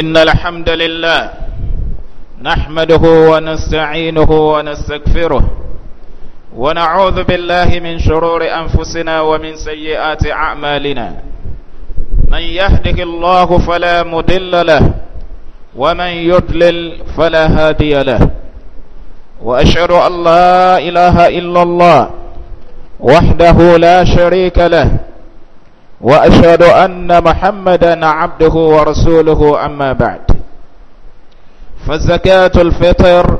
إن الحمد لله نحمده ونستعينه ونستغفره ونعوذ بالله من شرور أنفسنا ومن سيئات أعمالنا من يهده الله فلا مدل له ومن يضلل فلا هادي له وأشهد أن لا إله إلا الله وحده لا شريك له وأشهد أن محمدا عبده ورسوله أما بعد فالزكاة الفطر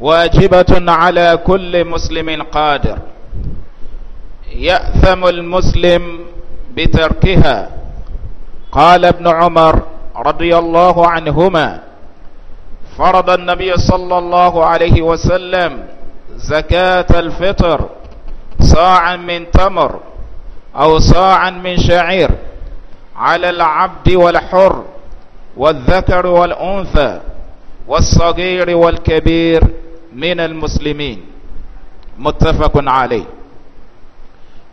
واجبة على كل مسلم قادر يأثم المسلم بتركها قال ابن عمر رضي الله عنهما فرض النبي صلى الله عليه وسلم زكاة الفطر صاعا من تمر أو صاعا من شعير على العبد والحر والذكر والأنثى والصغير والكبير من المسلمين متفق عليه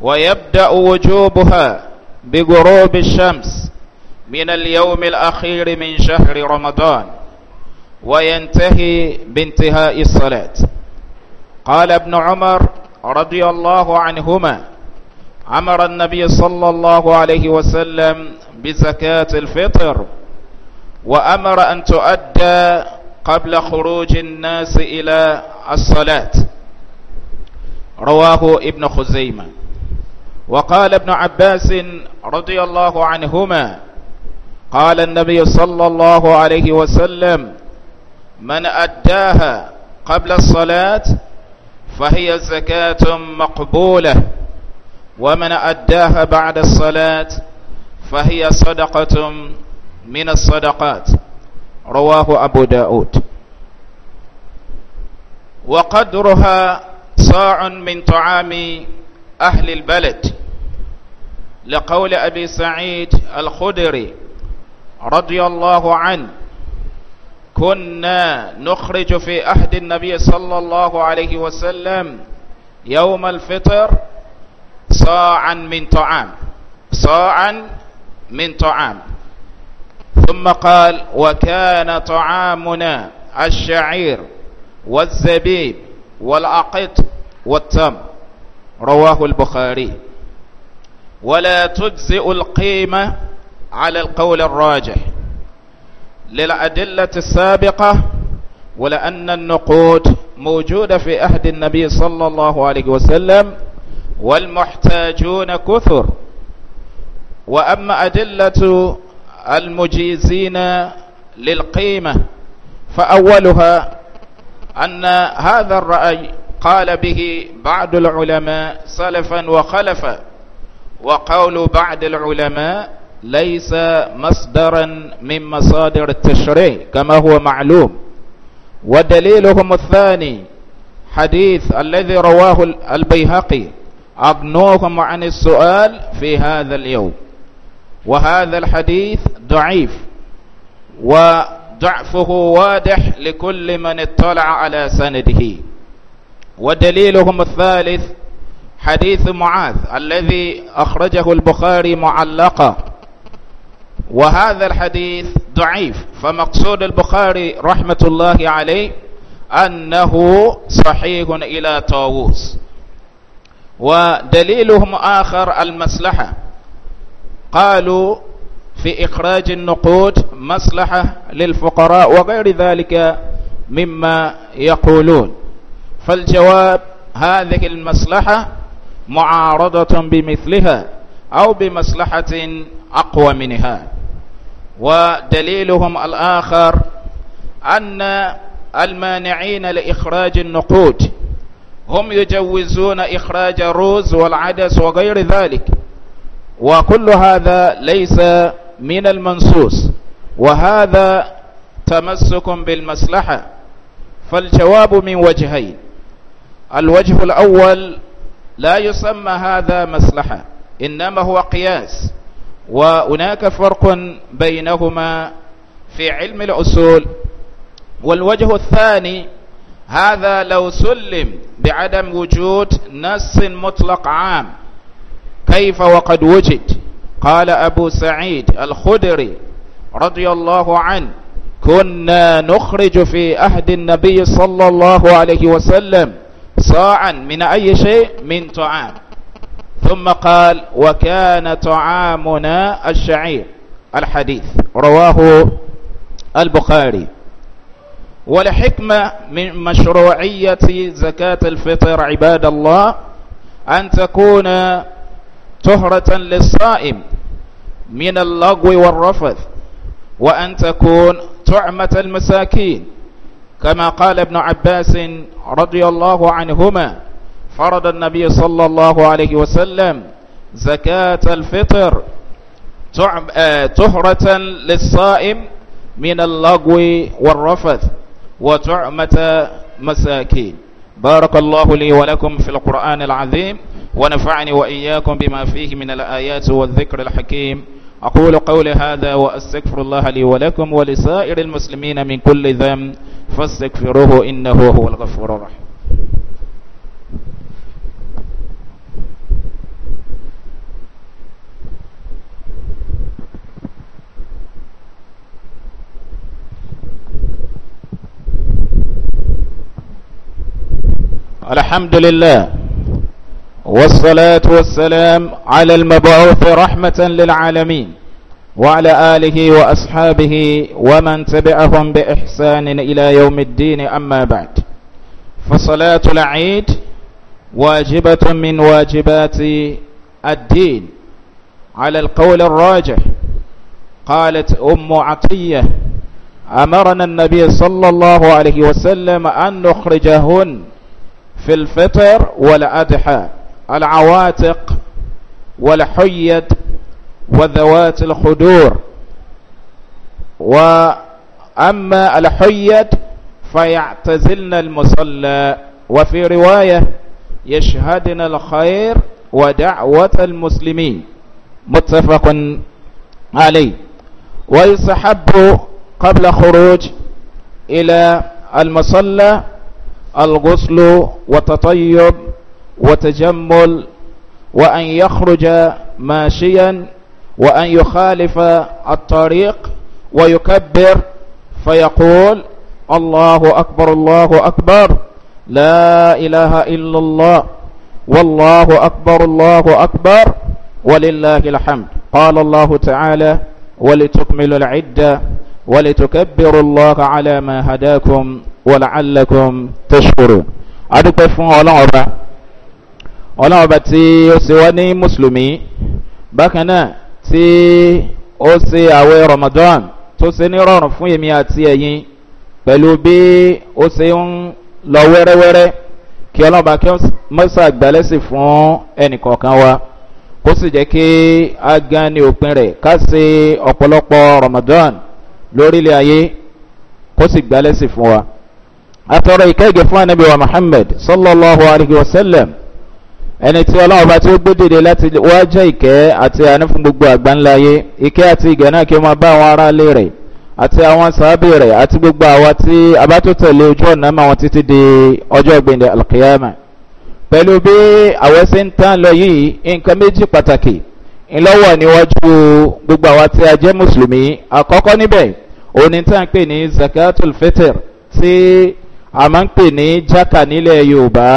ويبدأ وجوبها بغروب الشمس من اليوم الأخير من شهر رمضان وينتهي بانتهاء الصلاة قال ابن عمر رضي الله عنهما أمر النبي صلى الله عليه وسلم بزكاة الفطر وأمر أن تؤدى قبل خروج الناس إلى الصلاة رواه ابن خزيمة وقال ابن عباس رضي الله عنهما قال النبي صلى الله عليه وسلم من أداها قبل الصلاة فهي زكاة مقبولة ومن أداها بعد الصلاة فهي صدقة من الصدقات رواه أبو داود وقدرها صاع من طعام أهل البلد لقول أبي سعيد الخدري رضي الله عنه كنا نخرج في أهد النبي صلى الله عليه وسلم يوم الفطر صاعا من طعام صاعا من طعام ثم قال وكان طعامنا الشعير والزبيب والأقط والتمر رواه البخاري ولا تجزئ القيمة على القول الراجح للأدلة السابقة ولأن النقود موجودة في أهد النبي صلى الله عليه وسلم والمحتاجون كثر وأما أدلة المجيزين للقيمة فأولها أن هذا الرأي قال به بعض العلماء سلفا وخلفا وقول بعض العلماء ليس مصدرا من مصادر التشريع كما هو معلوم ودليلهم الثاني حديث الذي رواه البيهقي أغنوهم عن السؤال في هذا اليوم وهذا الحديث ضعيف وضعفه واضح لكل من اطلع على سنده ودليلهم الثالث حديث معاذ الذي أخرجه البخاري معلقا وهذا الحديث ضعيف فمقصود البخاري رحمة الله عليه أنه صحيح إلى طاووس ودليلهم آخر المصلحة قالوا في إخراج النقود مصلحة للفقراء وغير ذلك مما يقولون فالجواب هذه المصلحة معارضة بمثلها أو بمصلحة أقوى منها ودليلهم الآخر أن المانعين لإخراج النقود هم يجوزون إخراج الرز والعدس وغير ذلك وكل هذا ليس من المنصوص وهذا تمسك بالمصلحة فالجواب من وجهين الوجه الأول لا يسمى هذا مصلحة إنما هو قياس وهناك فرق بينهما في علم الأصول والوجه الثاني هذا لو سلم بعدم وجود نص مطلق عام كيف وقد وجد قال أبو سعيد الخدري رضي الله عنه كنا نخرج في أهد النبي صلى الله عليه وسلم صاعا من أي شيء من طعام ثم قال وكان طعامنا الشعير الحديث رواه البخاري والحكمة من مشروعية زكاة الفطر عباد الله أن تكون تهرة للصائم من اللغو والرفث وأن تكون تعمة المساكين كما قال ابن عباس رضي الله عنهما فرض النبي صلى الله عليه وسلم زكاة الفطر تهرة آه، للصائم من اللغو والرفث وطعمة مساكين بارك الله لي ولكم في القرآن العظيم ونفعني وإياكم بما فيه من الآيات والذكر الحكيم أقول قولي هذا وأستغفر الله لي ولكم ولسائر المسلمين من كل ذنب فاستغفروه إنه هو الغفور الرحيم الحمد لله والصلاة والسلام على المبعوث رحمة للعالمين وعلى آله وأصحابه ومن تبعهم بإحسان إلى يوم الدين أما بعد فصلاة العيد واجبة من واجبات الدين على القول الراجح قالت أم عطية أمرنا النبي صلى الله عليه وسلم أن نخرجهن في الفطر والأضحى العواتق والحيد وذوات الخدور وأما الحيد فيعتزلن المصلى وفي رواية يشهدن الخير ودعوة المسلمين متفق عليه ويسحب قبل خروج إلى المصلى الغسل وتطيب وتجمل وأن يخرج ماشيا وأن يخالف الطريق ويكبر فيقول الله أكبر الله أكبر لا إله إلا الله والله أكبر الله أكبر ولله الحمد قال الله تعالى ولتكملوا العدة ولتكبروا الله على ما هداكم wàlàhálàkùn tẹ̀sùrù. adúpẹ́ fún ọlọ́run ọba ọlọ́run ọba tí ó ṣe wá ní mùsùlùmí bákan náà tí ó ṣe àwẹ̀ ramadan tó ṣe ní rọrùn fún èmi àti ẹ̀yin pẹ̀lú bí ó ṣe ń lọ wẹ́rẹ́wẹ́rẹ́ kí ọlọ́run ọba kí ó mọ́sà gbálẹ́sì fún ẹnìkọ̀ọ̀kan wa kó sì jẹ́ kí a gan ní òpin rẹ̀ ká ṣe ọ̀pọ̀lọpọ̀ ramadan lórílẹ̀ ayé kó sì gbálẹ́sì fún wa atọ́rọ ìkẹ́gẹ́ fún anabi wa muhammed sallallahu alayhi wa sallam ẹni tí ọlọ́run bá tí ó gbódìde láti wá jẹ́ ìkẹ́ àti àánú fún gbogbo àgbáńláyé ìkẹ́ àti ìgẹ̀ náà kí ó máa bá àwọn aráalé rẹ̀ àti àwọn sàábì rẹ̀ àti gbogbo àwa tí a tó tẹ̀lé ojú ọ̀nà máa wọn títí di ọjọ́ gbẹ̀ndẹ̀ alkiyama pẹ̀lú bí àwọn ṣe ń tán lọ yìí nǹkan méjì pàtàkì ńlọ́wọ́ níwájú gbogbo àwa tí a jẹ́ mùsùlùmí àkọ́kọ́ níbẹ̀ òní tá à ń pè ní zakatul fitr tí a máa ń pè ní jákà nílẹ̀ yorùbá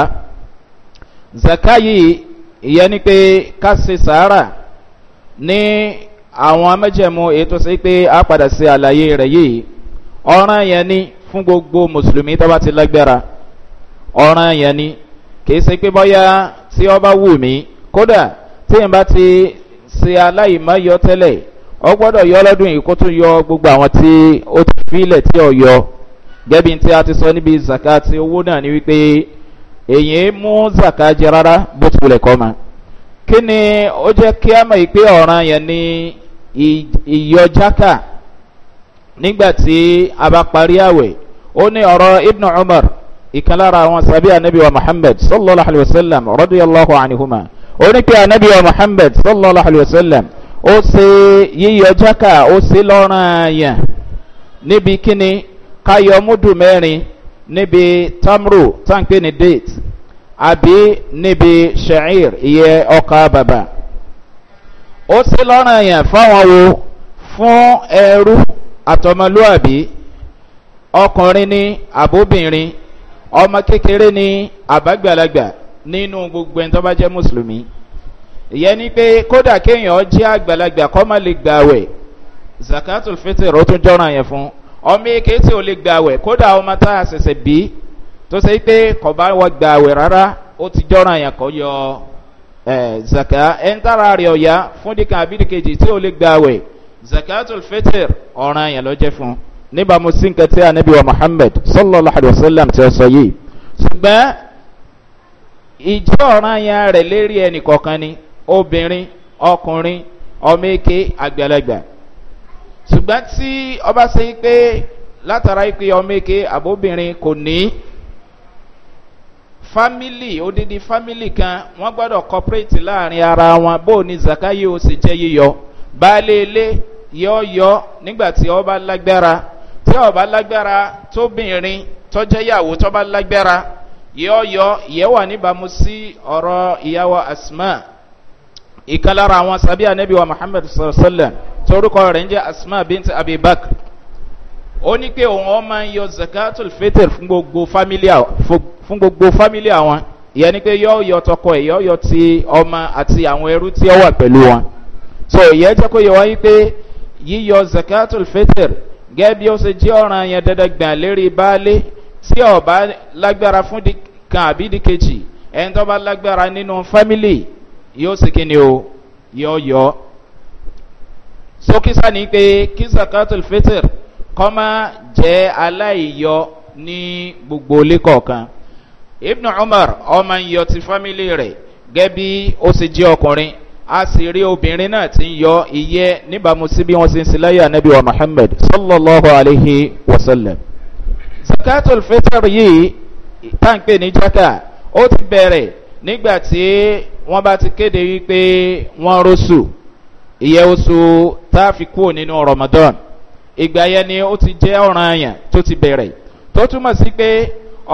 zaka yìí ìyẹn ni pé ká ṣe sàárà ní àwọn mẹ́jẹ̀mú ètò sí pé a padà ṣe àlàyé rẹ̀ yìí ọ̀ràn yẹn ni fún gbogbo mùsùlùmí tó bá ti lágbára ọ̀ràn yẹn ni kìí ṣe pé bọ́yá tí ọ bá wù mí kódà tí n bá ti ṣe aláìmọ́ yọ tẹ́lẹ̀ ọ gbọ́dọ̀ yọ lọ́dún yìí kó tún yọ gbogbo àwọn tí ó ti fílẹ̀ tí ọ yọ gẹ́bí tí a ti sọ níbi zaka ti owó náà ni wípé èyí mú zaka jẹ rárá bó ti wulẹ̀ kọ́ ma kí ni ó jẹ́ kí a mọ̀ pé ọ̀ràn yẹn ni ìyọjáka nígbà tí a bá parí àwẹ̀ ó ní ọ̀rọ̀ ibn umar ìkan lára àwọn sàbí nabi wa muhammed sallallahu alayhi wa sallam radiyallahu anihuma ó ní pé anabi wa muhammed sallallahu alayhi wa sallam ó ṣe yíyọjáka ó ṣe lọ́ràn yẹn níbi kíni káyọ múdù mẹ́rin níbi tamro táǹpé ní date àbí níbi shair iye ọkà bàbà ó sì lọ́rùn yẹn fáwọn wo fún ẹrú àtọmọlúàbí ọkùnrin ní àbóbìnrin ọmọ kékeré ní àbágbàlagbà nínú gbogbo ẹni tó bá jẹ́ mùsùlùmí ìyẹn ni pé kódà kéèyàn jẹ́ àgbàlagbà kọ́ má lè gbàwẹ̀ zakatul fitr ó tún jọ́ràn yẹn fún ọmọ eke tí ò lè gbàwẹ̀ kódà ọmọ tá a ṣẹ̀ṣẹ̀ bí tó ṣe pé kò bá wọ gbàwẹ̀ rárá ó ti jọ́ra yàn kó yọ zaka ẹ̀ńtara rẹ̀ ọ̀yá fún dìkan àbídìkejì tí ò lè gbàwẹ̀ zakatul fitr ọ̀ràn yàn ló jẹ́ fún níbàámu sí nǹkan tí anabi wa muhammed sallallahu alayhi wa sallam ti sọ yìí ṣùgbọ́n ìjọ ọ̀ràn yàn rẹ̀ lérí ẹnì kọ̀ọ̀kan ni obìnrin ọkùnrin ọmọ eke àgbàlagbà ṣùgbọ́n tí ọba ṣe pé látara pé ọmọ èké àbóbìnrin kò ní fámìlì odidi fámìlì kan wọ́n gbọ́dọ̀ kọ́pẹ́rẹ́tì láàrin ara wọn bó ni zaka yìí ó ṣe jẹ́ yíyọ baálé ilé yọ yọ nígbà tí ọba lágbára tí ọba lágbára tóbìnrin tọ́jẹ́yàwó tọ́ba lágbára yọ yọ yẹwà níbàámu sí ọ̀rọ̀ ìyàwó asma ìkàlára àwọn sábíà nẹ́bí wa muhammed sallallahu alayhi wa sallam torúkọ rẹ̀ ń jẹ́ asma bint abibak ó ní pé òun ọmọ ń yọ zakatul fitr fún gbogbo fámílì àwọn ìyẹn ni pé yọ yọ tọkọ ẹ̀ yọ yọ ti ọmọ àti àwọn ẹrú tí ó wà pẹ̀lú wọn so ìyẹn jẹ́ kó yẹ wáyé pé yíyọ zakatul fitr gẹ́gẹ́ bí ó ṣe jẹ́ ọ̀ràn yẹn dandan gbọ̀n lérí baálé tí ọba lágbára fún kan àbí dìkejì ẹni tó bá lágbára nínú fámílì yóò sì kí ni o yọ yọ so kisa ni pé kí zakatul fitr kọ́ máa jẹ́ aláìyọ ní gbogbo ilé kọ̀ọ̀kan ibn umar ọmọ ń yọ ti fámìlì rẹ̀ gẹ́bí ó sì jẹ́ ọkùnrin a sì rí obìnrin náà ti ń yọ iyẹ́ níbàámu sí bí wọ́n ti ń siláyà anabi wa muhammed sallallahu alayhi wa sallam. zakatul fitr yìí táǹpẹ̀ ní jaka ó ti bẹ̀rẹ̀ nígbà tí wọ́n bá ti kéde wípé wọ́n rọ́ṣù ìyẹ́ oṣù tá a nínú ramadan ìgbà yẹn ni ó ti jẹ́ ọ̀ràn àyàn tó ti bẹ̀rẹ̀ tó túmọ̀ sí pé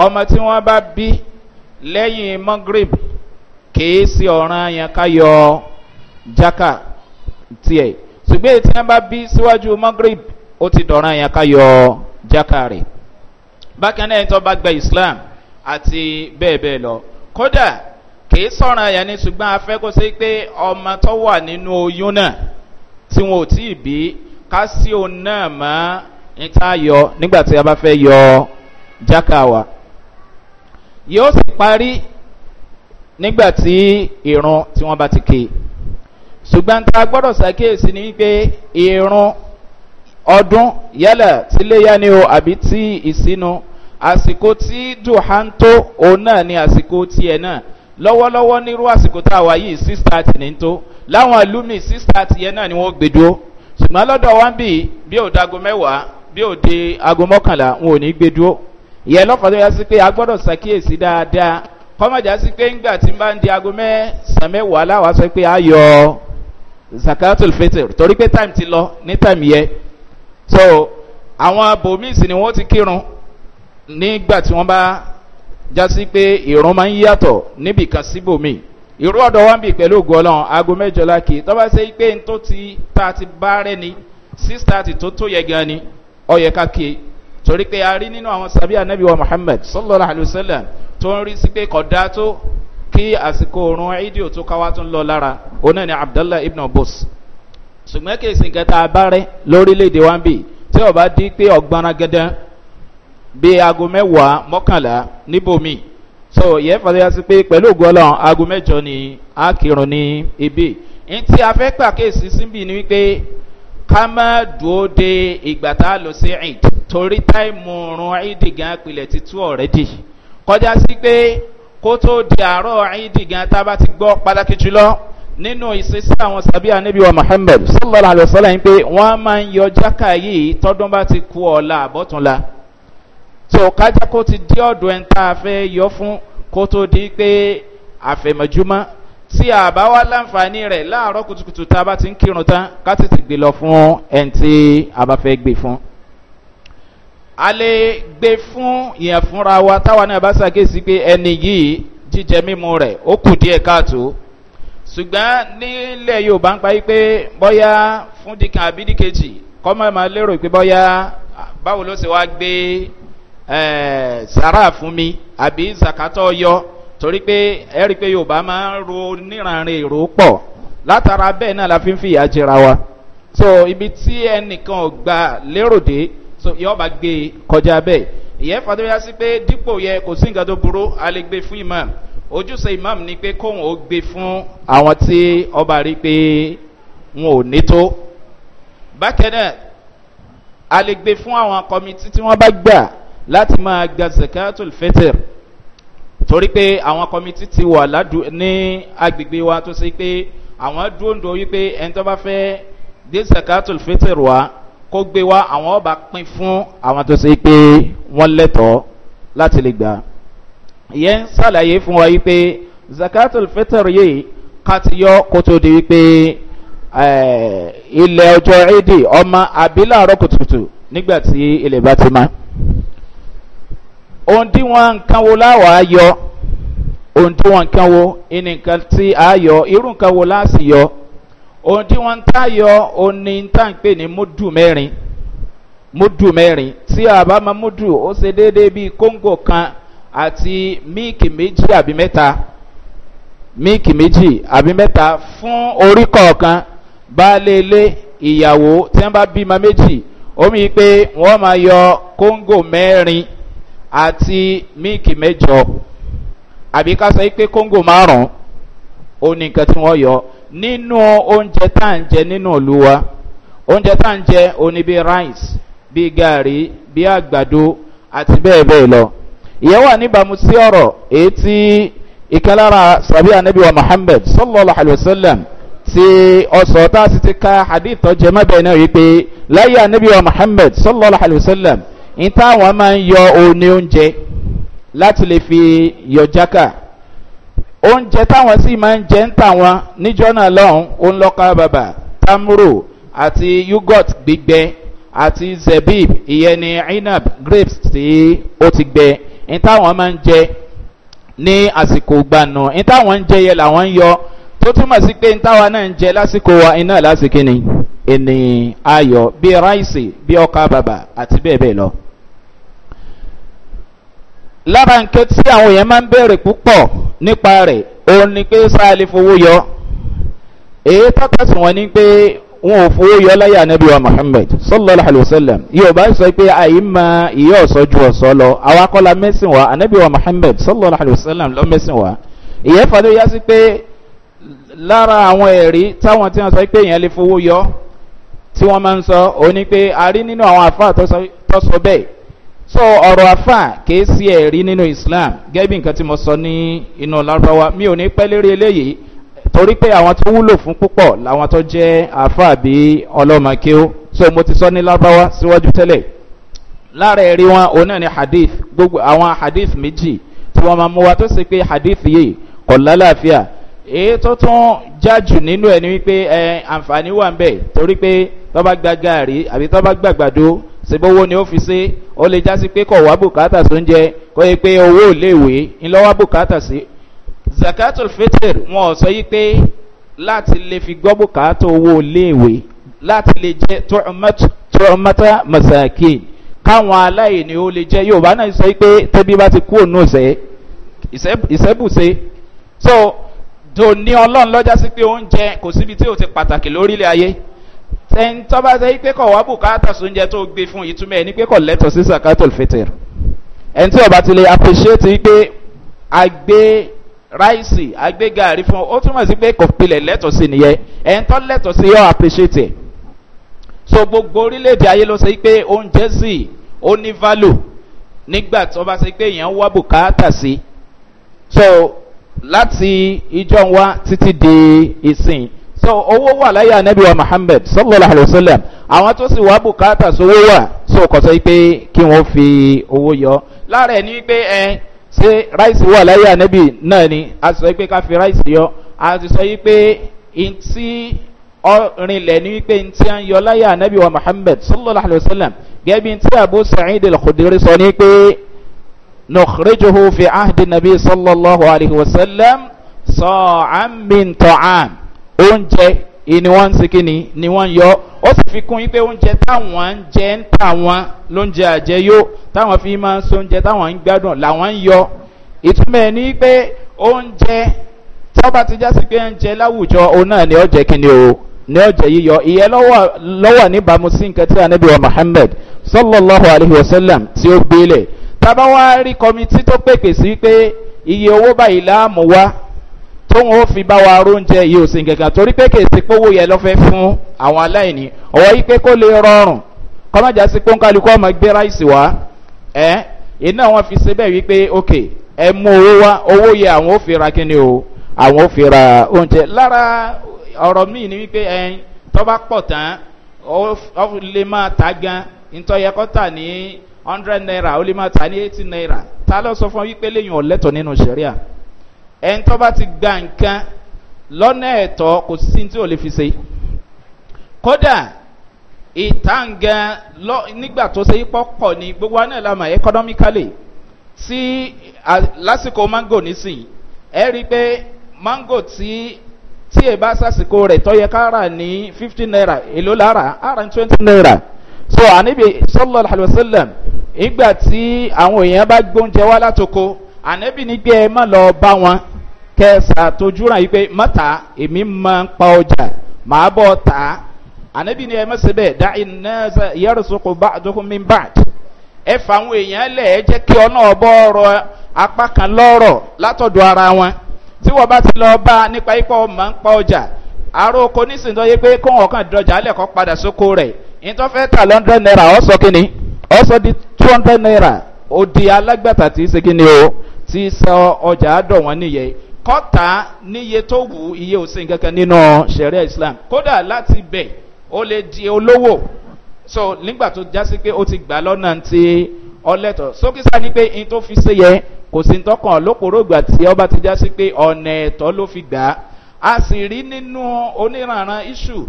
ọmọ tí wọ́n bá bí lẹ́yìn mongrib kìí sí ọ̀ràn àyàn ká jaka tiẹ̀ ṣùgbọ́n èyí tí wọ́n bá bí síwájú mongrib ó ti dọ̀ràn àyàn ká yọ jaka rẹ̀ bákan náà ẹni tó bá gba islam àti bẹ́ẹ̀ bẹ́ẹ̀ lọ kódà kìí sọ̀ràn yẹn ni ṣùgbọ́n a fẹ́ kó ṣe pé ọmọ tó wà nínú oyún náà tí wọn ò tí ì bí ká sí òun náà mọ́ níta yọ nígbà tí a bá fẹ́ yọ jákà wá yóò sì parí nígbà tí irun tí wọ́n bá ti ké ṣùgbọ́n tá a gbọ́dọ̀ ṣàkíyèsí ni wípé irun ọdún yálà tíléyà ni o àbí tí ìsinu àsìkò tí dùn á ń tó òun náà ni àsìkò tiẹ̀ náà lọ́wọ́lọ́wọ́ nírú àsìkò tá a wà yìí six thirty ní tó láwọn alumni six thirty yẹn náà ni wọ́n gbé dúró ṣùgbọ́n lọ́dọ̀ wa ń bì bí ò dago mẹ́wàá bí ò de ago mọ́kànlá wọn ò ní gbé dúró ìyẹn lọ́kàn tó yẹ sí pé a gbọ́dọ̀ ṣàkíyèsí dáadáa kọ́mọ̀jà sí pé ńgbà tí n bá ń di ago mẹ́sàn-án mẹ́wàá láwa sọ pé a yọ zakatul fitr torí pé time ti lọ ní time yẹ so àwọn abòmíìsì ni wọ́n ti kírun nígbà tí wọ́n bá jásí pé ìrún máa ń yàtọ̀ níbì kan síbòmí ìrú ọ̀dọ̀ wa ń bì pẹ̀lú ògùn ọlọ́run aago mẹ́jọ lákì tọ́ba ṣe pé n tó ti ta ti bá rẹ̀ ni six thirty tó tó yẹ gan ni ọ̀yẹ̀ ká torí pé a rí nínú àwọn sàbí anabi wa muhammed sallallahu alayhi wa sallam tó ń rí sí pé kọ̀dá tó kí àsìkò òrùn ẹ̀ẹ́dìò tó káwá tó ń lọ lára oná ni abdallah ibn obos ṣùgbọ́n kí èsì nǹkan tá a bá rẹ̀ lórílẹ̀‐èdè wa ń bì tí ọba dí pé ọ̀gbọ́n bíi aago mẹ́wàá mọ́kànlá níbòmí so ìyẹn fàdéyà sí pé pẹ̀lú ògùn ọlọ́run aago mẹ́jọ ni a kírun ní ebè ní tí a fẹ́ pàkíyèsí síbi ni wípé ká má dúró de ìgbà tá a lọ sí eid torí táìmù ọ̀run eid gan pilẹ̀ ti tú ọ̀rẹ́dì kọjá sí pé kó tó di àárọ̀ eid gan tá a bá ti gbọ́ pàtàkì jùlọ nínú ìṣesí àwọn sàbí anabi wa muhammed sallallahu alayhi wa sallam pé wọ́n máa ń yọ jákàá yìí tọ́dún bá ti ku ọ̀la àbọ̀túnla so kájá kó ti dí ọ̀dọ̀ ẹ̀ ń tá a fẹ́ yọ fún kó tó di pé àfẹ̀mọ̀júmọ́ tí a bá wá láǹfààní rẹ̀ láàárọ̀ kùtùkùtù tá a bá ti ń kírun tán ká tètè gbé lọ fún ẹni tí a bá fẹ́ gbé fún. a lè gbé fún ìyẹn fúnra wa táwa náà bá ṣàkíyèsí pé ẹni yìí jíjẹ mímu rẹ̀ ó kù díẹ̀ káàtó ṣùgbọ́n nílẹ̀ yorùbá ń parí pé bọ́yá fún dìkan àbídìkejì kọ́mọ̀ máa lérò pé bọ́yá báwo ló ṣe wá gbé Eh, Sara fún mi àbí zakatọ yọ torí pé ẹ rí i pé yorùbá máa ń ro níranrin èrò pọ̀ látara bẹ́ẹ̀ náà la fi ń fìyà jẹra wa so ibi tí ẹnìkan ò gba lérò dé so yọba gbé e kọjá bẹ́ẹ̀ ìyẹn fàdúrà sí pé dípò yẹ kò sí nǹkan tó burú a lè gbé fún imam ojúṣe imam ni pé kóun ó gbé fún àwọn tí ọba rí pé wọn ò ní tó bákẹ́ náà a lè gbé fún àwọn kọ́mítì tí wọ́n bá gbà láti máa gba zakatul fitr torí pé àwọn kọmitì ti wà ládùú ní agbègbè wa tó ṣe pé àwọn dúndò wípé ẹni tó bá fẹ́ dé zakatul fitr wa kó gbé wa àwọn ọba pín fún àwọn tó ṣe pé wọ́n lẹ́tọ̀ọ́ láti lè gbà. ìyẹn ṣàlàyé fún wa wípé zakatul fitr yìí ká kó tó di wípé ilẹ̀ ọjọ́ éèdì ọmọ àbí láàárọ̀ kùtùkùtù nígbà tí ilẹ̀ bá ti máa ohun tí wọ́n ń kánwó láwàá yọ ohun tí wọ́n ń kánwó ìní nǹkan tí a yọ irú nǹkan wo láàsì yọ ohun tí wọ́n ń tá yọ òun ni tá à ń pè ní múdù mẹ́rin múdù mẹ́rin tí àbámọ́ múdù ó ṣe déédéé bíi kóńgò kan àti míìkì méjì àbí mẹ́ta míìkì méjì àbí mẹ́ta fún orí kọ̀ọ̀kan baálé ilé ìyàwó tí wọ́n bá bímọ méjì ó pé wọ́n máa yọ kóńgò mẹ́rin àti míìkì mẹ́jọ àbí ká sọ pé kóńgò márùn-ún ó ní nǹkan tí wọ́n yọ nínú oúnjẹ tá à ń jẹ nínú ìlú wa oúnjẹ tá à ń jẹ òní bíi rice bíi gaari bíi àgbàdo àti bẹ́ẹ̀ bẹ́ẹ̀ lọ ìyẹn wà níbàámu sí ọ̀rọ̀ èyí tí ìkẹlára sàbí anabi muhammed sallallahu alayhi wa sallam ti ọ̀sọ̀ tá a sì ti ka hadith ọ̀jẹ̀ mẹ́bẹ̀ẹ́ náà yìí pé láyé anabi muhammed sallallahu alayhi wa sallam ní táwọn máa ń yọ òní oúnjẹ láti lè fi yọ jákà oúnjẹ táwọn sì máa ń jẹ ń tàwọn níjọ́ náà lọ́hùn onlọ́ka bàbà tamuro àti yogurt gbígbẹ àti zebib ìyẹn ni inab grapes tí ó ti gbẹ ní táwọn máa ń jẹ ní àsìkò gbànú ní táwọn ń jẹ yẹn làwọn ń yọ tó túmọ̀ sí pé ní táwọn náà ń jẹ lásìkò wa iná lásìkò ni ìní ayọ̀ bí ráìsì bí ọkà bàbà àti bẹ́ẹ̀ bẹ́ẹ̀ lọ. lára nǹkan tí àwọn èèyàn máa ń béèrè púpọ̀ nípa rẹ̀ òun ni pé sáàlì fowó yọ èyí tọ́ka sí wọn ni pé wọn ò fowó yọ láyé anabi wa muhammed sallallahu alayhi wa sallam yóò bá sọ pé àyè máa ìyá ọ̀sọ́ ju ọ̀sọ́ lọ àwọn akọ́lá mẹ́sìn wa anabi wa muhammed sallallahu alayhi wa sallam lọ mẹ́sìn wa ìyẹn fàlẹ́ yá sí pé lára àwọn ẹ̀rí táwọn tí wọ́n sọ pé èèyàn lè fowó yọ tí wọ́n máa ń sọ òní pé a rí nínú àwọn àfa tó sọ bẹ́ẹ̀ so ọ̀rọ̀ àfa kìí sí ẹ̀rí nínú islam gẹ́bí nǹkan tí mo sọ ní inú larabawa mi ò ní pẹ́ lérí eléyìí torí pé àwọn tó wúlò fún púpọ̀ làwọn tó jẹ́ àfa bí ọlọ́mọkéó so mo ti sọ ní larabawa síwájú tẹ́lẹ̀ lára ẹ̀rí wọn òun náà ni hadith gbogbo àwọn hadith méjì tí wọ́n máa mú wa tó sì pé hadith yìí kò lálàáfíà èyí tó tún jájù nínú ẹ̀ ni wípé ẹ̀ àǹfààní wà ń bẹ̀ torí pé tọ́ba gba gaari àbí tọ́ba gba gbàdo ṣèbówó ni ó fi ṣe ó lè jásí pé kọ̀ wá bùkátà tó ń jẹ kó yẹ pé owó ìléèwé ńlọ́wọ́ bùkátà sí. zakatul fitr wọn ò sọ yí pé láti lè fi gbọ́ bùkátà owó ìléèwé láti lè jẹ tọ́ọ̀mọ́tà masaki káwọn aláìní ó lè jẹ yorùbá náà sọ pé tẹ́bí bá ti kú òun ọ̀sẹ̀ ìṣẹ́bùṣe so dòní ọlọ́run lọ́jà sí pé oúnjẹ kò síbi tí ò ti pàtàkì lórílẹ̀ ayé ẹni tó bá sẹ́yìn pé kọ̀ wá bùkátà sóúnjẹ tó gbé fún ìtumẹ̀ ní pé kọ̀ lẹ́tọ̀ sí sàkátọ̀ fìtìr ẹni tí ọba ti lè appreciate wípé a gbé ráìsì a gbé gàrí fún ó túmọ̀ sí pé kò pilẹ̀ lẹ́tọ̀ sí nìyẹn ẹni tó lẹ́tọ̀ sí yọ appreciate ẹ̀ so gbogbo orílẹ̀-èdè ayé ló sẹ́yìn pé oúnjẹ sì ó ní value nígbà tó bá sẹ́yìn pé èèyàn wá bùkátà sí so láti ìjọ wa títí di ìsìn so owó wà láyé anabi wa muhammed sallallahu alayhi wa sallam àwọn tó sì wá bùkátà sówó wà so kò sọ pé kí wọ́n fi owó yọ lára ẹ̀ ní pé ẹ ṣe ráìsì wà láyé anabi náà ni a sọ pé ká fi ráìsì yọ a sì sọ pé ntí ọrìnlẹ̀ ní pé ntí à ń yọ láyé anabi wa muhammed sallallahu alayhi wa sallam gẹ́bí ntí abu sa'id al-khudiri sọ ni pé nukhrijuhu fi ahdi nabi sallallahu alayhi wa sallam sọ̀ọ́ àmì ntọ́ àmì oúnjẹ ni wọ́n ń se kí ni ni wọ́n yọ ó sì fi kún yí pé oúnjẹ táwọn ń jẹ ń tà wọ́n lóúnjẹ àjẹyó táwọn fi máa ń so oúnjẹ táwọn ń gbádùn làwọn ń yọ ìtumọ̀ ẹ̀ ní pé oúnjẹ tọ́ba ti já sí pé oúnjẹ láwùjọ òun náà ni ó jẹ́ kí ni o ní ọjà yíyọ ìyẹn lọ́wọ́ níbàámu sí nǹkan tí anabi wa muhammed sallallahu alayhi wa sallam tí ó gbélé tábà wá rí kọmitì tó pèpè sí pé iye owó báyìí láàmú wá tóun ó fi bá wa róúnjẹ yìí ò sí gẹ̀gẹ̀ torí pé kì sí pówó yẹn lọ́fẹ́ fún àwọn aláìní ọ̀wọ́ yìí pé kó lè rọrùn kọ́mọ̀jà sí pé ń kálukú ọmọ gbé ráìsì wá ẹ́ iná fi wípé ok ẹ mú owó wá owó yẹ àwọn ò fi ra o àwọn ò fi ra oúnjẹ lára ọ̀rọ̀ míì ni wípé ẹ tọ́ba pọ̀ tán ó lè máa ta gan tà ní hundred naira ó lè máa ta ẹni tó bá ti gba nǹkan lọ́nà ẹ̀tọ́ kò sí tí ò lè fi ṣe kódà ìtàǹgà nígbà tó ṣe pọ́ pọ̀ ní gbogbo àná ìlànà economically tí lásìkò mango nísìnyí ẹ rí i pé mango tí tí ẹ bá sàsìkò rẹ̀ tó yẹ ká rà ní fifteen naira èló lára ara ní twenty naira so àníbi sallallahu alayhi wa sallam ìgbà tí àwọn èèyàn bá gbóúnjẹ wá látoko àníbi ní ẹ má lọ bá wọn. kẹsà tójúra yìí pé mata èmi máa ń pa ọjà màá bọ̀ taa anabi ni ẹ mọ̀ síbẹ̀ dá iná yẹ́rùsùkù bá àdókùn mi ẹ fà àwọn èèyàn lẹ̀ ẹ kí kan lọrọ ara wọn tí wọ́n bá ti lọ bá nípa ipò máa ń pa ọjà àrò oko nísìnyí tó yẹ pé kó wọn kàn dọjà padà sóko di two naira òdi alágbàtà tí o ti sọ ọjà wọn nìyẹn kọ́ta níye tó wù iye òsín kankan nínú sẹ̀rẹ̀ islam kódà láti bẹ̀ ó lè di olówó so nígbà tó jásí pé ó ti gbà lọ́nà ti ọlẹ́tọ̀ sókísà ni pé in tó fi ṣe yẹ kò sí tọkàn lóporógbà tí ọba ti jásí pé ọ̀nà ẹ̀tọ́ ló fi gbà á a sì rí nínú oníranran iṣu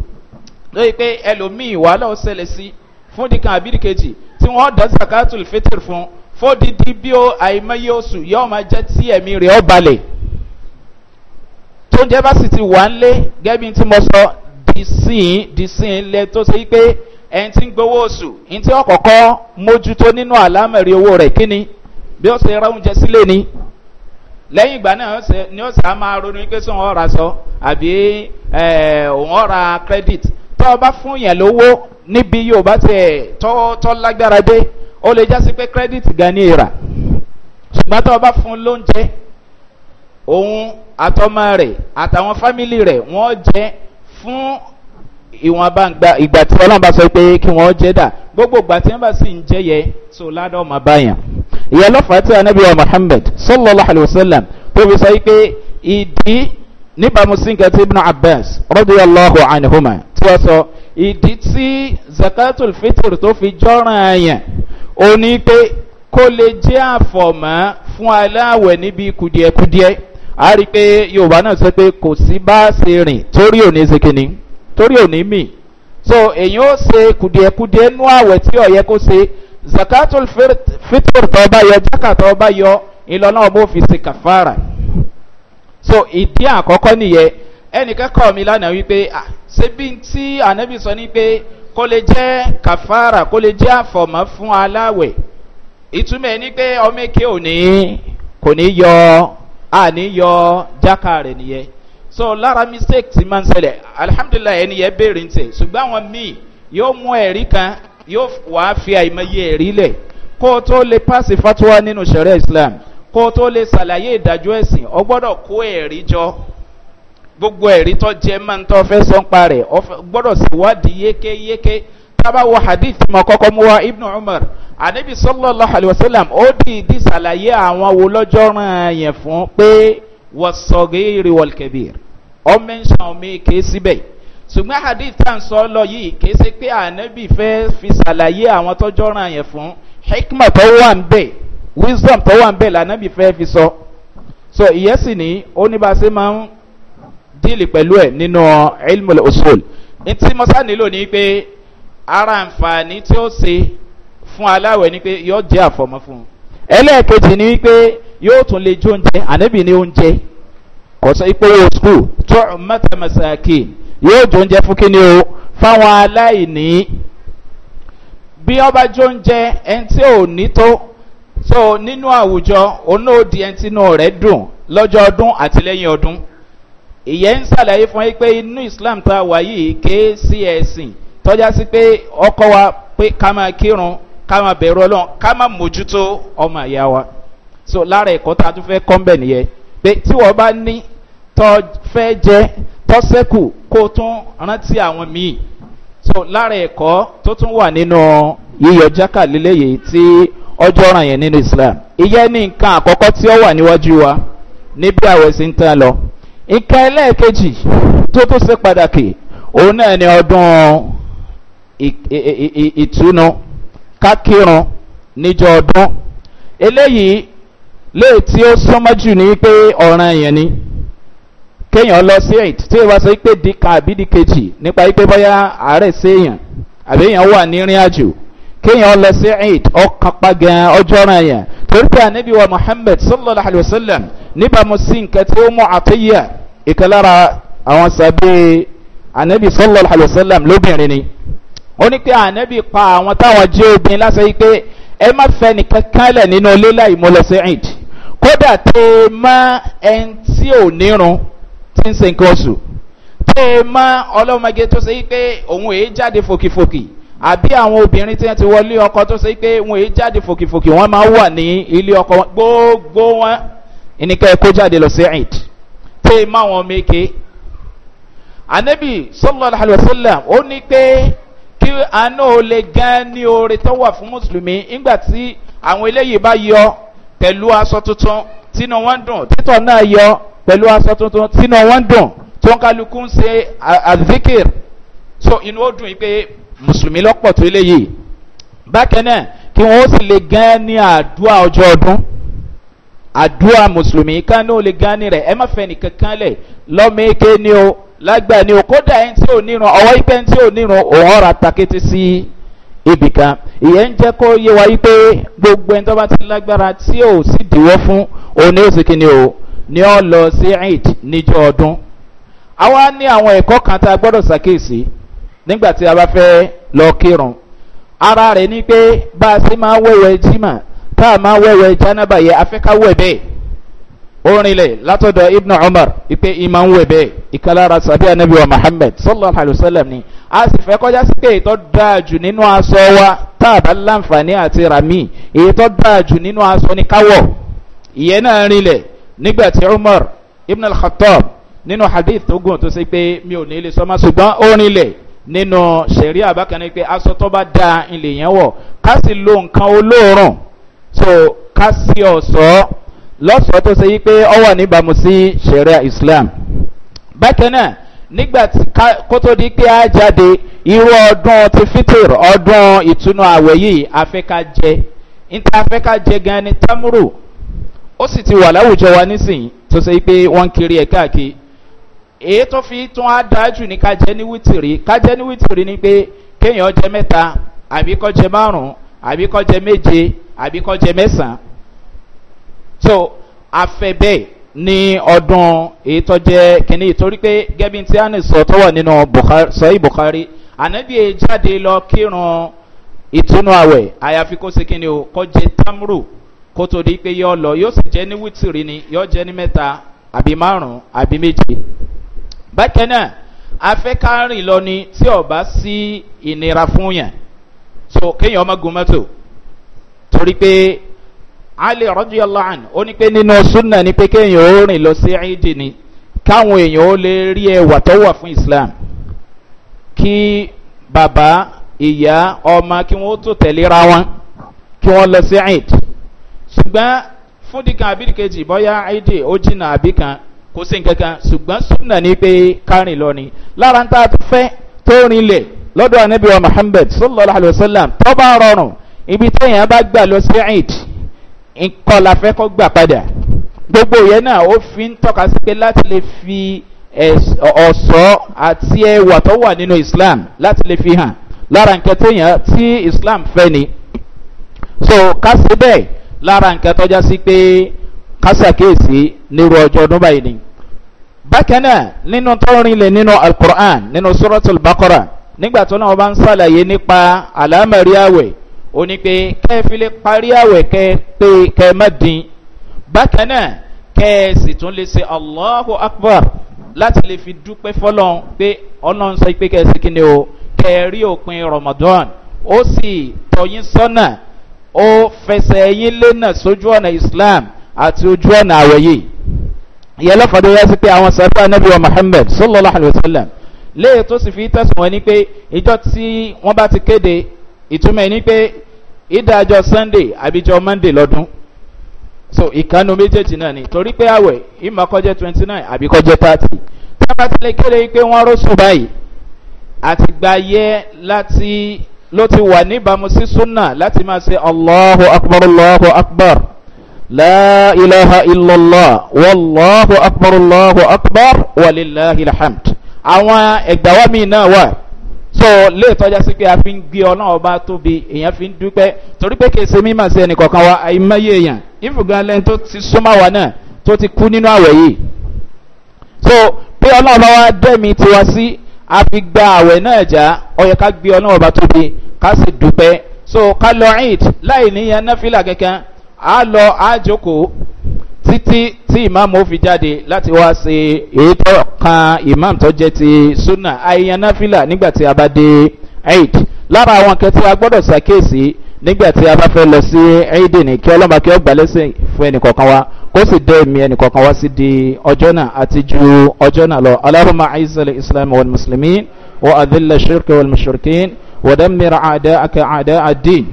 lóye pé ẹlòmíì wàhálà ó ṣẹlẹ̀ sí fún dìkan àbídìkejì tí wọ́n dá zakatul fitr fún fódìdí bí ó àìmọye oṣù yóò máa jẹ́ tí ẹ̀mí rẹ̀ ọ́ balẹ̀ tó ń jẹ́ bá sì ti wà ń lé gẹ́bí tí mo sọ dìsín dìsín lẹ tó ṣe pé ẹni tí ń gbowó oṣù ní tí ọ̀kọ̀ọ̀kọ́ mójútó nínú àlámẹ̀rí owó rẹ̀ kíni bí ó ṣe ra oúnjẹ sílé ni lẹ́yìn ìgbà náà ni ó sá máa ronú pé sóun ọ̀ra sọ àbí eh, òun ọ̀ra credit tó o bá fún yẹn lówó níbi yóò bá tiẹ̀ tọ́ lágbára dé ó lè jásí pé credit gan ni ìrà ṣùgbọ́n tó o bá fún lóúnjẹ òun àtọmọ rẹ àtàwọn fámìlì rẹ wọn jẹ fún ìwọnba ìgbà tí ọlọ́run bá sọ pé kí wọ́n jẹ́ dà gbogbo ìgbà tí wọ́n bá sì ń jẹ́ yẹ so ládọ́ ọmọ báyàn. ìyá lọ́fàá tí anabi wa muhammed sallallahu alayhi wa sallam tó fi sọ pé ìdí níbàámu sínkà tí ibn abbas radiyallahu anhuma tí wọ́n sọ ìdí tí zakatul fitr tó fi jọ́ràn àyàn ó ní pé kó lè jẹ́ àfọ̀mọ́ fún aláwẹ̀ níbi kùdìẹ̀kùdìẹ̀ a rí i pé yorùbá náà sọ pé kò sí bá ṣe rìn torí òní ṣe kínní torí òní mì so èyí ó ṣe kùdìẹ̀kudìẹ̀ nú àwẹ̀ tí ọ̀yẹ́ kó ṣe zakatul fitr tó bá yọ jaka tó bá yọ ìlọ́nà ọmọ òfin kàfàrà so ìdí àkọ́kọ́ nìyẹn ẹnìkan kọ́ mi lánàá wípé ṣé tí ànábì sọ ni pé kó lè jẹ́ kàfàrà kó lè jẹ́ àfọ̀mọ́ fún aláwẹ̀ ìtumọ̀ ẹni pé ọmọ èké òní kò ní yọ Ani yọ jáka rẹ̀ nìyẹn so lara mistake ti máa ń ṣẹlẹ̀ alihamudulilayi ẹni yẹn béèrè ń tẹ̀ ṣùgbọ́n àwọn míì yóò mú ẹ̀rí kan yóò wá fi àìmọye ẹ̀rí lẹ̀ kó o tó lè fatuwa nínú sẹ̀rẹ̀ islam kó le tó lè ṣàlàyé ìdájọ́ ẹ̀sìn ọ gbọ́dọ̀ kó ẹ̀rí jọ gbogbo ẹ̀rí tó jẹ́ máa ń tọ́ fẹ́ sọ́npa rẹ̀ ọ gbọ́dọ̀ ṣèwádìí yékéyéké tábà wọ hadith mọ́ kọ́kọ́ mú wa ibnu umar anabi sallallahu alayhi wa sallam ó dìídì ṣàlàyé àwọn wo lọ́jọ́ ràn yẹn fún pé wọ́sọ̀gẹ́rì wọ́lkẹ́bìr ọmọ ẹ̀ṣọ́ mi kìí síbẹ̀ ṣùgbọ́n hadith tá à ń sọ lọ yìí kìí ṣe pé anabi fẹ́ fi ṣàlàyé àwọn tọ́jọ́ ràn yẹn fún hikma tó wà ń bẹ̀ wisdom tó wà ń bẹ̀ lànàbì fẹ́ fi sọ so ìyẹn sì ní ó ní bá a ṣe máa ń díìlì pẹ̀lú ẹ̀ nínú ilmul usul ntí mọ́sá nílò ní pé ara àǹfààní tí ó ṣe fún aláwẹ̀ ni pé yóò jẹ́ àfọmọ́ fún un ẹlẹ́ẹ̀kejì ni wípé yóò tún lè jó oúnjẹ ànábì ní oúnjẹ kọ̀sọ́ ìpolówó skul tó mọ́tàmọ́sàkì yóò jó oúnjẹ fún ni o fáwọn aláìní bí ọba jó oúnjẹ ẹni tí ò ní tó so nínú àwùjọ òun ò di ẹni tínú rẹ̀ dùn lọ́jọ́ ọdún àti lẹ́yìn ọdún ìyẹn ń ṣàlàyé fún yín pé inú islam tá a wà yìí kéé sí ẹ̀sìn tọ́já sí pé ọkọ wa pé ká máa kírun ká máa bẹ̀rù ọlọ́run ká máa mójútó ọmọ ìyá wa so lára ẹ̀kọ́ tá a tún fẹ́ kọ́ńbẹ̀ nìyẹn pé tí wọ́n bá ní tọ́ fẹ́ jẹ́ tọ́ sẹ́kù kó tún rántí àwọn míì so lára ẹ̀kọ́ tó tún wà nínú yíyọ jákà lélẹ́yìí tí ọjọ́ ràn yẹn nínú islam ìyẹn ní nǹkan àkọ́kọ́ tí ó wà níwájú wa níbi àwẹ̀ sí ń tán lọ nǹkan ẹlẹ́ẹ̀kejì tó tó ṣe pàtàkì òun náà ni ọdún ìtúnu ká níjọ ọdún eléyìí léè tí ó súnmọ́ jù ní pé ọ̀ràn yẹn ni kéèyàn lọ sí èyí tí ìwà sọ pé dìkan àbí dìkejì nípa pé bóyá àárẹ̀ séèyàn àbí èèyàn wà ní ìrìn àjò kéèyàn lọ sí eid ọkàn pa gan ọjọ́ ran yẹn torí pé anabi wa muhammed sallallahu alayhi wa sallam níbàámu sí nǹkan tí ó mú àtẹ́yẹ ìkan àwọn sàbẹ̀ anabi sallallahu alayhi wa sallam lóbìnrin ni Oni ní pé ànábì pa àwọn táwọn jẹ́ obìnrin lásán yìí pé ẹ má fẹ́ nìkan kálẹ̀ nínú ilé láì mọ́ lọ sí ẹ̀ǹd kódà tẹ ẹ mọ ẹni tí ò nírun tí ń se nǹkan oṣù tẹ ẹ mọ ọlọ́mọge tó ṣe yìí pé òun èé jáde fòkìfòkì àbí àwọn obìnrin tí wọ́n ti wọlé ọkọ tó ṣe pé wọ́n èé jáde fòkìfòkì wọ́n máa wà ní ilé ọkọ gbogbo wọn ìníkà ẹ̀kọ́ jáde lọ sí ẹ̀ǹd tẹ ẹ mọ àwọn anabi sallallahu alayhi wa sallam ó ní pé kí àánú ò lè gan ní oore tó wà fún mùsùlùmí nígbà tí àwọn eléyìí bá yọ pẹ̀lú aṣọ tuntun tínú wọn dùn títọ̀ náà yọ pẹ̀lú aṣọ tuntun tínú wọn dùn tó ń kálukú ń ṣe azikir so inú ó dùn yìí pé mùsùlùmí lọ́pọ̀ tó eléyìí bákan náà kí wọ́n ó sì lè gan ní àdúrà ọjọ́ ọdún àdúrà mùsùlùmí kan náà lè gan ní rẹ̀ ẹ má fẹ́ nìkan kan lẹ̀ lọ́mọ eke ni o lágbà ni òkódà ẹni tí ò nírun ọwọ́ ipẹ́ ẹni tí ò nírun òun ọ̀rà takété sí ibì kan ìyẹn ń jẹ́ kó yé wa wípé gbogbo ẹni tó bá ti lágbára tí ò sì dìwọ́ fún òun ní kìíní o ní ọ lọ sí eid níjọ ọdún àwa ní àwọn ẹ̀kọ́ kan tá a gbọ́dọ̀ ṣàkíyèsí nígbà tí a bá fẹ́ lọ kírun ara rẹ̀ ni pé bá a sì máa wẹ̀wẹ̀ jimá tá a máa wẹ̀wẹ̀ jánábàyẹ afẹ́ká wẹ̀ bẹ́ẹ̀ orinlẹ̀ látọ̀dọ̀ ibn umar ipe imam webe ìkàlára sàbí anabi wa muhammed sallallahu alayhi wa sallam ni a sì fẹ́ kọjá sí pé ètò dáàjù nínú aṣọ wa táàbà láǹfààní àti rami ètò dáàjù nínú aṣọ ni káwọ̀ ìyẹn náà rinlẹ̀ nígbà tí umar ibn al-khattab nínú hadith tó gùn tó ṣe pé mi ò ní lè sọmọ ṣùgbọ́n orinlẹ̀ nínú sẹ̀rí àbákanáà pé aṣọ tó bá da ilé yẹn wọ̀ ká sì lo nǹkan olóòórùn so ká sí ọ̀ṣọ́ lọ́sọ̀ọ́ tó ṣe wípé ọ wà níbàámu sí sharia islam bákan náà nígbà tí kó tó di pé á jáde irú ọdún ti fitir ọdún ìtúnu àwẹ̀ yìí afẹ́ká níta afẹ́ká gan ni tamuru ó sì ti wà láwùjọ wa nísìnyí tó ṣe pé wọ́n ń kiri ẹ̀ káàkiri èyí tó fi tún á dájú ní ká ní wítìrì ká ní wítìrì ni pé kéèyàn jẹ mẹ́ta àbí kọ́ jẹ márùn-ún àbí jẹ méje àbí jẹ mẹ́sàn-án so afẹ́bẹ́ ní ọdún èyí tó jẹ́ kínní torí pé gẹ́bí tí a ní sọ tó wà nínú sọ́yì buhari ànábìyẹ jáde lọ kírun ìtúnú àwẹ̀ àyàfi kó se kínní o kó jẹ tamru kó tó di pé yọ lọ yóò sì jẹ́ ní wítìrì ni yọ jẹ́ ní mẹ́ta àbí márùn àbí méje bákan náà afẹ́kárìn lọ ni tí ọba sí ìnira fún yàn so kéèyàn ọmọ gun mọ́tò torí pé ali rọ́jìọ́lá àn ó ní pé nínú súnà ni pé kéèyàn ó rìn lọ sí ẹ̀ẹ́dì ni káwọn èèyàn ó lè rí ẹwà tó wà fún islam kí bàbá ìyá ọmọ kí wọ́n tó tẹ̀léra wọn kí wọ́n lọ sí ẹ̀ẹ́dì ṣùgbọ́n fúndìkan àbí kejì bọ́yá ẹ̀ẹ́dì ó jìnnà àbí kan kò sí nǹkan kan ṣùgbọ́n súnà ni pé kárìn lọ ni lára ń tá a fẹ́ tó rinlẹ̀ lọ́dọ̀ anabiwa muhammed sallallahu alayhi wa sallam tó rọrùn ibi tẹ́yìn bá gbà lọ sí ẹ̀ẹ́dì nǹkan la fẹ́ kọ́ gbà padà gbogbo yẹn náà ó fi ń tọ́ka sí pé láti lè fi ọ̀sọ́ àti ẹwà tó wà nínú islam láti lè fi hàn lára nǹkan tó yàn tí islam fẹ́ ni so kásì bẹ́ẹ̀ lára nǹkan tọ́já sí pé kásàkéèsì nírú ọjọ́ ọdún báyìí ni bákan náà nínú tó rinlẹ̀ nínú alukur'an nínú suratul bakora nígbà tó náà wọ́n bá ń sàlàyé nípa àlámẹ̀rí àwẹ̀ ó ní pé kẹ́ẹ̀filé parí àwẹ̀ kẹ́ pé kẹ́ má dín bákan náà kẹ́ ẹ sì tún lè ṣe allahu akbar láti lè fi dúpẹ́ fọlọ́n pé ọlọ́run sọ pé kẹ́ ẹ sì kíni o kẹ́ ẹ rí òpin ramadan ó sì tọyín sọ́nà ó fẹsẹ̀ yín lẹ́nà sójú ọ̀nà islam àti ojú ọ̀nà àwẹ̀ yìí ìyẹn lọ́fọ̀dé sí pé àwọn sábà anabi wa muhammed sallallahu alayhi wa sallam léè tó sì fi tẹ̀sán wọn ni pé ìjọ tí wọ́n bá ti kéde ìtumọ̀ ni pé ìdájọ́ sunday àbíjọ monday lọ́dún so ìkànnù méjèèjì náà ni torí pé àwẹ̀ ìmọ̀kọ́jẹ́ twenty nine àbíkọ́jẹ́ thirty tábàtìlẹ̀ kéde pé wọ́n rọ́ṣù báyìí àtìgbà yẹ láti ló ti wà níbàámu sí súnà láti máa ṣe allahu akbar allahu akbar la ilaha illallah wallahu akbar allahu akbar walilahi alhamd àwọn ẹgbàá mi náà wà so léètọ́já sí pé a fi ń gbé ọlọ́run ọba tóbi èèyàn fi ń dúpẹ́ torí pé kèsè mímọ̀ sí ẹnìkọ̀kan wa àìmọye èèyàn ìfùgàn lẹ́nu tó ti súnmọ́ wa náà tó ti kú nínú àwẹ̀ yìí so pé ọlọ́run ọba wa dẹ́mi tiwa sí a fi gba àwẹ̀ náà já ọyẹ ká gbé ọlọ́run ọba tóbi ká sì dúpẹ́ so ká lọ eid láì níyan náfìlà kankan a lọ a jókòó títí tí ìmáàmù ó fi jáde láti wá ṣe ètò kan ìmáàmù tó jẹ́ ti sunna ayanafila nígbà tí a bá dé eid lára àwọn nǹkan tí a gbọ́dọ̀ ṣàkíyèsí nígbà tí a bá fẹ́ lọ sí eid ní kí ọlọ́mọ kí ó gbà lẹ́sìn fún ẹnìkọ̀ọ̀kan wa kó sì dé èmi ẹnìkọ̀ọ̀kan wa sí di ọjọ́ náà àti ju ọjọ́ náà lọ aláhùnmá àìsàn islam wal muslimin wa adìlẹ̀ shirk wal mushrikin wa dàmìrà àdá àkà àdá àdín.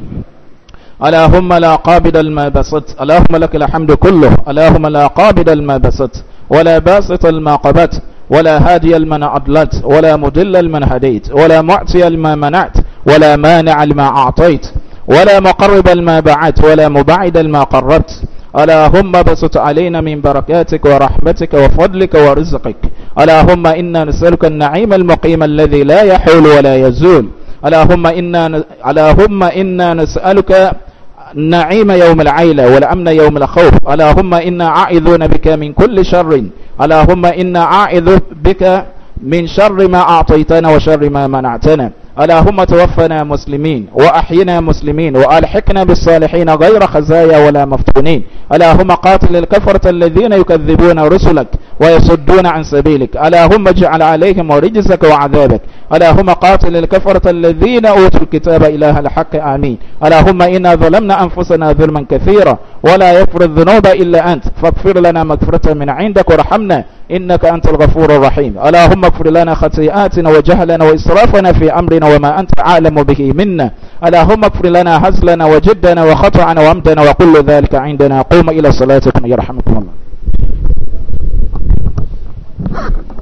اللهم لا قابل لما بسطت اللهم لك الحمد كله اللهم لا قابل لما بسطت ولا باسط لما قبت ولا هادي لمن أضلت ولا مدل لمن هديت ولا معطي لما منعت ولا مانع لما أعطيت ولا مقرب لما بعت ولا مبعد لما قربت اللهم بسط علينا من بركاتك ورحمتك وفضلك ورزقك اللهم إنا نسألك النعيم المقيم الذي لا يحول ولا يزول اللهم إنا, اللهم إنا نسألك نعيم يوم العيلة والأمن يوم الخوف اللهم إنا عائذون بك من كل شر اللهم إنا عائذ بك من شر ما أعطيتنا وشر ما منعتنا اللهم توفنا مسلمين وأحينا مسلمين وألحقنا بالصالحين غير خزايا ولا مفتونين اللهم قاتل الكفرة الذين يكذبون رسلك ويصدون عن سبيلك اللهم اجعل عليهم رجزك وعذابك اللهم قاتل الكفرة الذين أوتوا الكتاب إله الحق آمين اللهم إنا ظلمنا أنفسنا ظلما كثيرا ولا يغفر الذنوب إلا أنت فاغفر لنا مغفرة من عندك وارحمنا إنك أنت الغفور الرحيم اللهم اغفر لنا خطيئاتنا وجهلنا وإسرافنا في أمرنا وما أنت أعلم به منا اللهم اغفر لنا هزلنا وجدنا وخطعنا وأمدنا وكل ذلك عندنا قوم إلى صلاتكم يرحمكم الله Huh.